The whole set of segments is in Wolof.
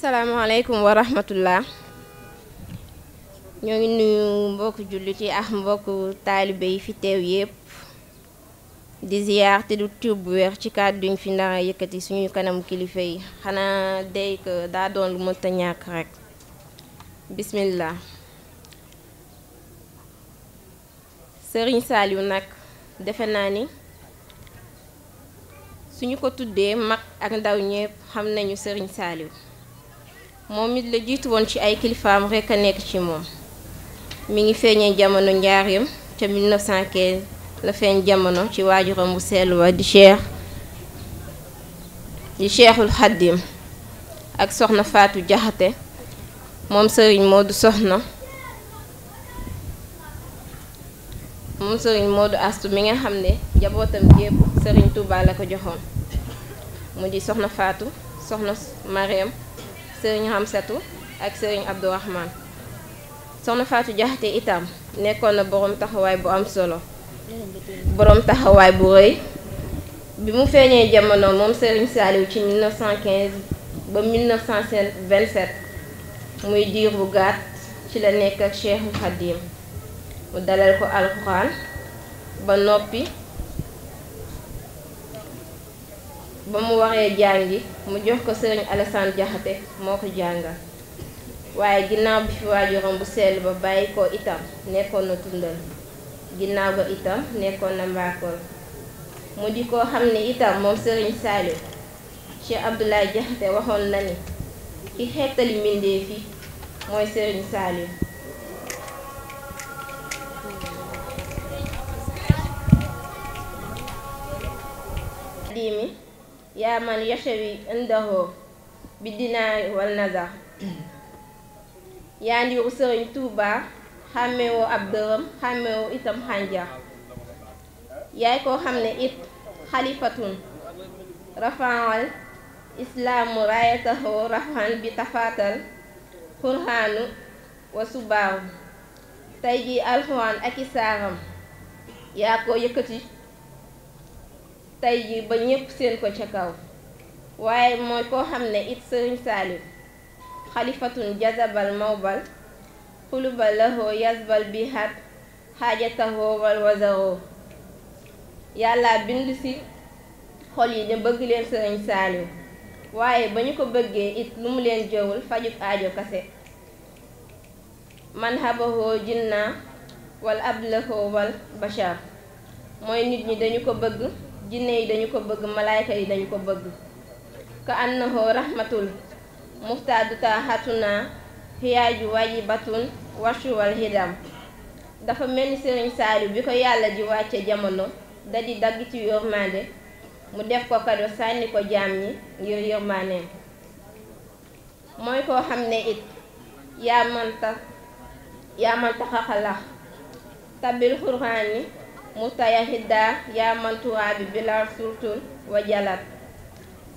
salaamaaleykum wa rahmatullah ñoo ngi nuyu mbokk jullit yi ak mbokku taalibe yi fi teew yépp di te du tibb bu weex ci kàddu ñu fi ndara yëkkati suñu kanamu kilifa yi xanaa dey ko daa doon lu mënta ñàkk rekk bismillah sëriñ Saliou nag defe naa ni suñu ko tuddee mag ak ndaw ñépp xam nañu sëriñ saaliw moom it la jiitu woon ci ay kilifaam rekk a nekk ci moom mi ngi feeñee jamono njaareem ca 1915 la feeñ jamono ci waajuram bu sell wa di cheikh di cheikhul xaddim ak soxna faatu jaxate moom sëriñ moodu soxna sëriñ moodu astu mi nga xam ne jabootam gépp sëriñ Touba la ko joxoon mu di soxna faatu soxna mareem sëriñ Hamsatu ak sëriñ Abdourahman soxna faatu Diakhaté itam nekkoon na borom taxawaay bu am solo boroom taxawaay bu rëy bi mu feeñee jamono moom sëriñ Saliou ci 1915 ba 1927 muy diir bu gàtt ci la nekk ak Cheikhu Khadim mu dalal ko alxuraan ba noppi ba mu waree jàngi mu jox ko sëriñ Alassane Jaxate moo ko jàngal waaye ginnaaw bi fi waajuram bu sell ba bàyyi ko itam nekkoon na tundal ginnaaw ba itam nekkoon na mbaakool mu di ko xam ne itam moom sëriñ Saaliw ci Abdoulaye Jaxate waxoon na ni ki xeetali mbindéef yi mooy sëriñ Saaliw yaa man yashawi indahu bi dinaay wal nazar yaa ndiiru sëriñ tuuba xàmmewoo ab dërëm xàmmewoo itam xànjar yaay koo xam ne it xalifatun rafaal islaamu raayatahu rafan bi tafaatal xurxaanu wa subaaru tey jii alxuraan ak i saaram yaa ko yëkkati tey jii ba ñépp seen ko ca kaw waaye moo koo xam ne it sëriñ Saalif xalifatun jazabal mawbal xuluba lahoo yasbal bihat xaajatahoo wal wazaroo yàlla bind ci xol yi ne bëgg leen sëriñ Saalif waaye ba ñu ko bëggee it lu mu leen jowul fajub aajo kase man habahoo jinna wal ablahoo wal bashar mooy nit ñi dañu ko bëgg jinne yi dañu ko bëgg malaayka yi dañu ko bëgg ka annahoo rahmatul muxtaadu taaxatuna xiyaaju wajibatun wasuwal hidam dafa mel ni sëriñ saalu bi ko yàlla di wàcce jamono da di dagg ci yërmande mu def ko kado sànni ko jaam ñi ngir yërmandeem mooy koo xam ne it yaa man yaa man a xalax tabbil xurxaan mustayahidda yaa mantuwaa bi bilal surtun wa jalat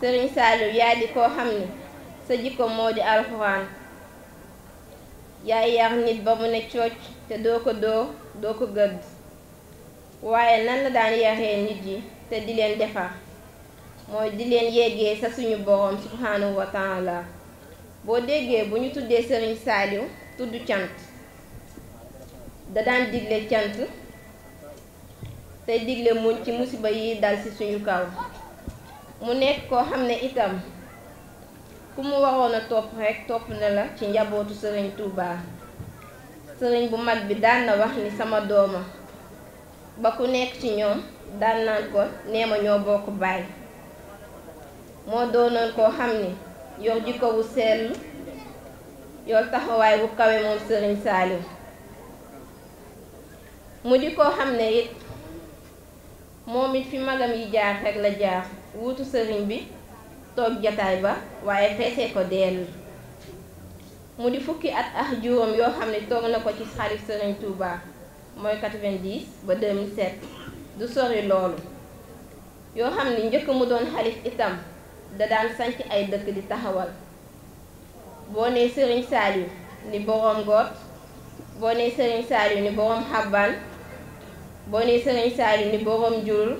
sëriñ saaliw yaa di koo xam ni sa jikko moo di alxuraan yaay yar nit ba mu ne cooc te doo ko doo doo ko gëdd waaye nan la daan yaree nit yi te di leen defar mooy di leen yeggee sa suñu boroom subhaanahu wa taala boo déggee bu ñu tuddee sëriñ saaliw tudd cant da daan digle cant tey digle muñ ci musiba yi dal ci suñu kaw mu nekk koo xam ne itam ku mu waroon a topp rekk topp na la ci njabootu sëriñ Touba sëriñ bu mag bi daan na wax ni sama dooma ba ku nekk ci ñoom daan naan ko nee ma ñoo bokk baay moo doonoon koo xam ni yor jikko bu sell yor taxawaay bu kawe moom sëriñ Saliou mu di koo xam ne it moom it fi magam yi jaar rek la jaar wutu sëriñ bi toog jataay ba waaye feesee ko dell mu di fukki at ak juróom yoo xam ne toog na ko ci xalif sëriñ Touba mooy 90 ba set du sori loolu yoo xam ne njëkk mu doon xalif itam da daan sanc ay dëkk di taxawal boo nee sëriñ Saliou ni boroom Ngoot boo nee sëriñ Saliou ni boroom Xabbaan boo ne sëriñ Saliou ni borom jurul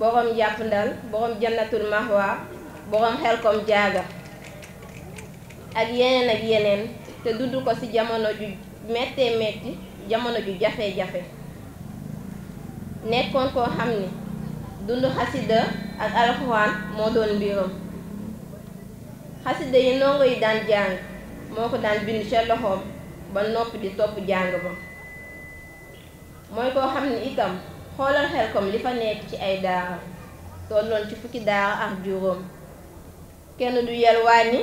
borom jàppandal borom jannatul mahwa borom xelkom jaaga ak yeneen ak yeneen te dudd ko ci jamono ju méttee métti jamono ju jafe-jafe nekkoon koo xam ni dund xasida ak alxuraan moo doon mbiram xasida yi ndongo yi daan jàng moo ko daan bind ca loxoom ba noppi di topp jàng ba mooy koo xam ne itam xoolal xel li fa nekk ci ay daara tolloon ci fukki daara ak juróom kenn du yelwaani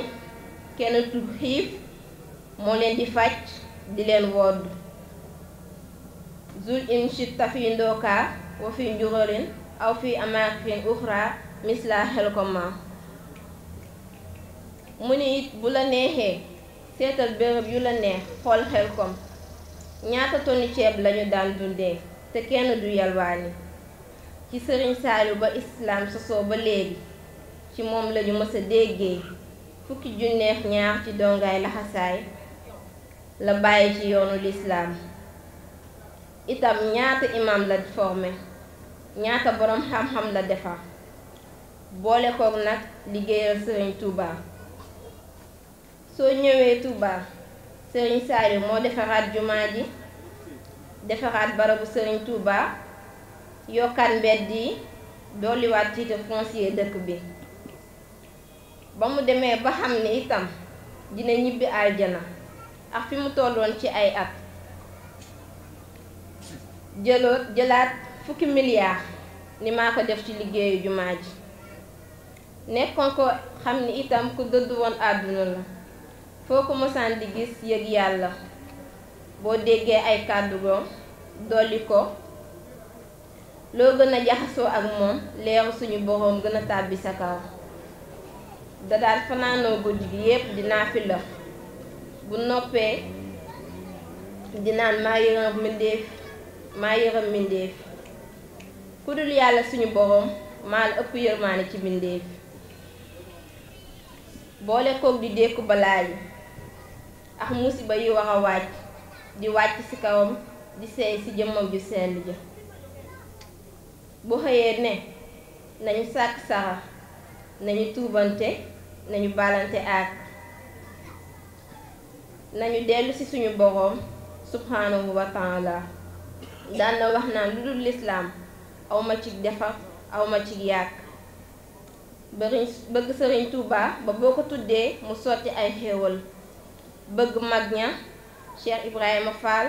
kenn du xiif moo leen di faj di leen wodd zul in shitta fi ndookaa wa fi njuróorin aw fi amaakin uxra misla xel mu ni it bu la neexee seetal bërëb yu la neex xool xel ñaata toni ceeb lañu daan dundee te kenn du yalwaani ci sëriñ Saliou ba islaam sosoo ba léegi ci moom lañu mësa a déggee fukki junneex ñaar ci dongaay laxasaay la bàyyi ci yoonu lislaam itam ñaata imam la formé ñaata boroom xam-xam la defar boole koog nag liggéeyal sëriñ Touba soo ñëwee Touba sëriñ Saliou moo defaraat jumaa ji defaraat barabu sëriñ Touba yokkaat mbedd yi dolliwaat titre foncier dëkk bi ba mu demee ba xam ni itam dina ñibbi aljana ak fi mu tolloon ci ay at jëloot jëlaat fukki milliards ni maa ko def ci liggéeyu jumaa ji nekkoon ko xam ni itam ku dëdd woon àdduna la foo ko mosaan di gis yëg yàlla boo déggee ay kàddu goom dolli ko loo gën a jaxasoo ak moom leeru suñu boroom gën a tàbbi sa kaw da fanaanoo guddi gi yépp dinaa fi la bu noppee dinaan maa yërëm maa yërëm mbindéef ku dul yàlla suñu boroom maa la ëpp yërmaane ci mbindéef boole koog di dékku balaa yi ak musiba yi war a wàcc di wàcc ci kawam di seey ci jëmmam ju sell ja bu xëyee ne nañu sàkk sara nañu tuubante nañu balante ak nañu dellu ci suñu boroom subhanahu wa taala daan na wax naan lu dul lislaam awma ci defar awma ci yàq bëgg sëriñ Tuuba ba boo ko tuddee mu sotti ay xéewal bëgg mag ña Cheikh Ibrahima Fall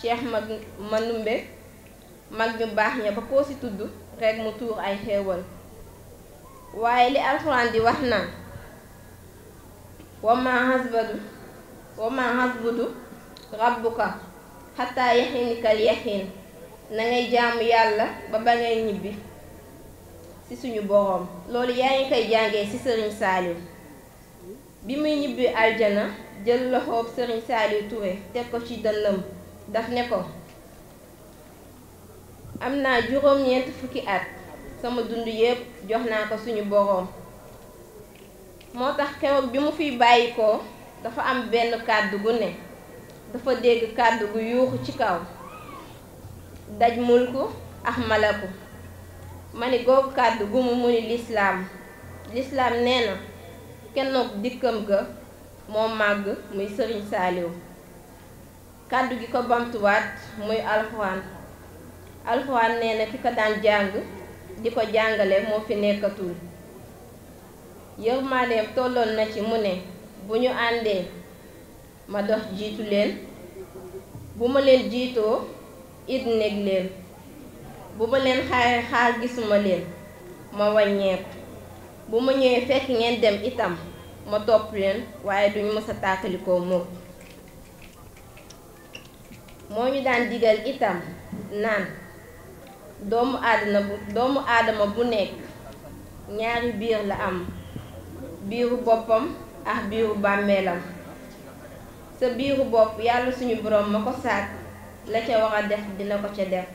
Cheikh mag Manumbe mag ñu baax ña ba koo ci tudd rekk mu tuur ay xéewal waaye li alxuraan di wax na wama hasbadu wama hasbudu rabbuka xataa yaxinikal yaxin na jaamu yàlla ba ba ngay ñibbi ci suñu boroom loolu yaa ngi koy jàngee ci sëriñ Saaliw bi muy ñibbi aljana jël loxoob sëriñ Saliou Touré teg ko ci dënnam daf ne ko am naa juróom-ñeent fukki at sama dund yépp jox naa ko suñu boroom moo tax keroog bi mu fiy bàyyi ko dafa am benn kàddu gu ne dafa dégg kàddu gu yuuxu ci kaw daj mulku ax malaku ma ni googu kàddu gu mu muni lislaam lislaam nee na kennook dikkam ga moo màgg muy sëriñ saaliw kàddu gi ko bamtuwaat muy alxuraan alxuraan nee na ki ko daan jàng di ko jàngale moo fi nekkatul yërmandeem tolloon na ci mu ne bu ñu àndee ma dox jiitu leen bu ma leen jiitoo it néeg leen bu ma leen xaare xaar gisuma leen ma wàññeeku bu ma ñëwee fekk ngeen dem itam ma topp leen waaye duñ mës a tàkkalikoo mukk moo ñu daan digal itam naan doomu aadama bu doomu aadama bu nekk ñaari biir la am biiru boppam ak biiru bàmmeelam sa biiru bopp yàlla suñu boroom ma ko sàkk la ca war a def dina ko ca def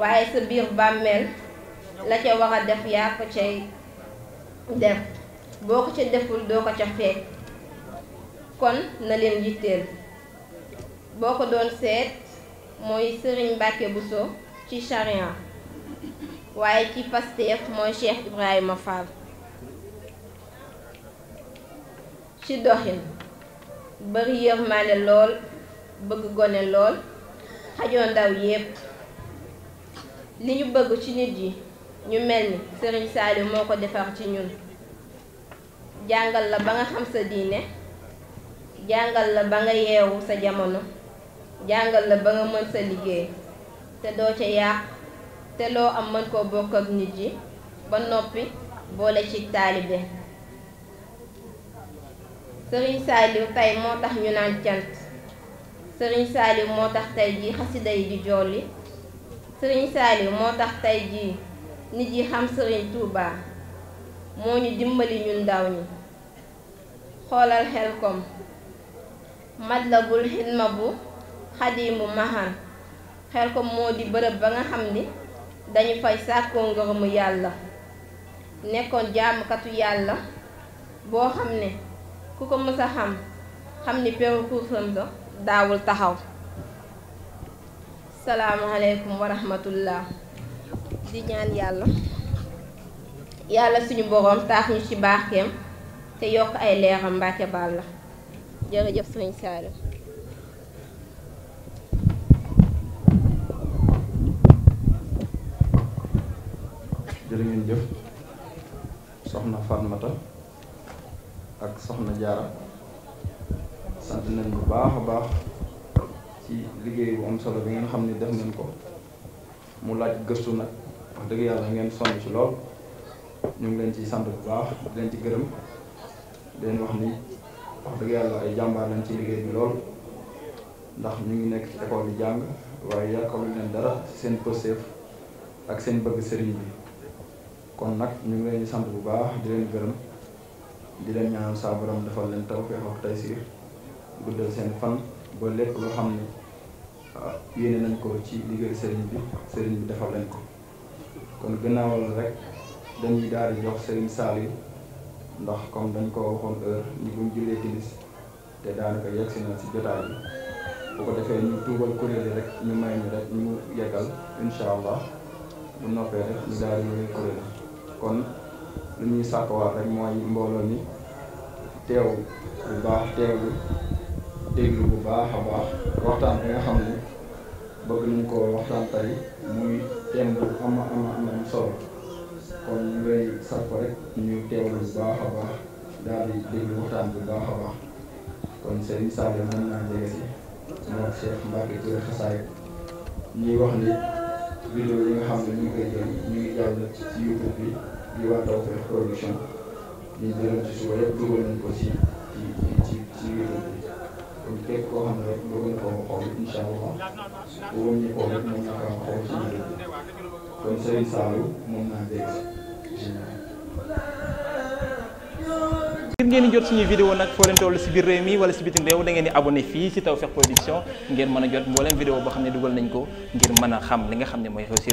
waaye sa biir bàmmeel la ca war a def yaa ko cay def boo ko ca deful doo ko ca fekk kon na leen yitteel boo ko doon seet mooy Serigne Mbacke Bousso ci chariyan waaye ci Pastef mooy Cheikh Ibrahima Fall ci doxin bëri yërmaale lool bëgg gone lool xajoo ndaw yépp li ñu bëgg ci nit yi ñu mel ni sëriñ Saaliw moo ko defar ci ñun jàngal la ba nga xam sa diine jàngal la ba nga yeewu sa jamono jàngal la ba nga mën sa liggéey te doo ca yàq te loo am mën koo bokk ak nit yi ba noppi boole ci taalibe sëriñ Saaliw tey moo tax ñu naan cant sëriñ Saaliw moo tax tey jii xasida yi di jolli sëriñ Saaliw moo tax tey jii nit yi xam sëriñ Touba moo ñu dimbali ñun ndaw ñi xoolal xel kom matlabul xidma bu xadimu mahan xel kom moo di bërëb ba nga xam ni dañu fay sàkkoo ngërëmu yàlla nekkoon jaamukatu yàlla boo xam ne ku ko mës a xam xam ni parcours am la daawul taxaw salaamaaleykum wa rahmatullah di ñaan yàlla yàlla suñu boroom taax ñu ci baaxeem te yokk ay leeram Mbàkke baal la jërëjëf sëriñ Saliou jërë ngeen jëf soxna Fatmata ak soxna Jaara sant nañ bu baax a baax ci liggéey bu am solo bi ngeen xam ne def nañ ko mu laaj gëstu nag wax dëgg yàlla ngeen sonn ci lool ñu ngi leen ci sant bu baax di leen ci gërëm di leen wax ni wax dëgg yàlla ay jàmbaar lañ ci liggéey bi lool ndax ñu ngi nekk ci école bi jàng waaye yàkkalu leen dara seen pëseef ak seen bëgg sëriñ bi kon nag ñu ngi leen di sant bu baax di leen gërëm di leen ñaanal saa borom defal leen tawfeex ak taysiir guddal seen fan ba lépp loo xam ne ah, yéene nañ ko ci liggéey sëriñ bi sëriñ bi defal leen ko kon gannaaw la rek dañuy daal di jox Serigne Saliou ndax comme dañ ko waxoon heure ñu buñ jullee timis te daanaka yegg si na si jotaay bi bu ko defee ñu tuubal kuréel yi rek ñu may ñu rek ñu yeggal incha allah bu noppee rek ñu daal di yëngal kuréel kon lu ñuy sàkkawaat rek mooy mbooloo ni teew bu baax teewlu déglu bu baax a baax waxtaan bi nga xam ne. bëgg nañ ko waxtaan tey muy thème bu ama ama am solo kon ñu ngay sàpp rek ñu teewlu baax a baax daal di déglu waxtaan bu baax a baax kon seen Saliou mën naa jege si moom Cheikh Mbacke xasaay ñuy wax ni vidéo yi nga xam ne ñu ngi koy jël ñu ngi jàll ci bi di waa Tawfekh Production ñu jëloon ci suba yëpp dugal nañ ko ci ci ci ci YouTube bi te képp koo xam ne rek bëgg na koo xool incha na kaa xool ci ngir ngeen jot suñuy vidéo nag foo leen toll si biir réew mi wala si bitim réew da ngeen di abonné fii si Tawfekh Production ngeen mën a jot mbooleem vidéo boo xam ne dugal nañ ko ngir mën a xam li nga xam ne mooy réussir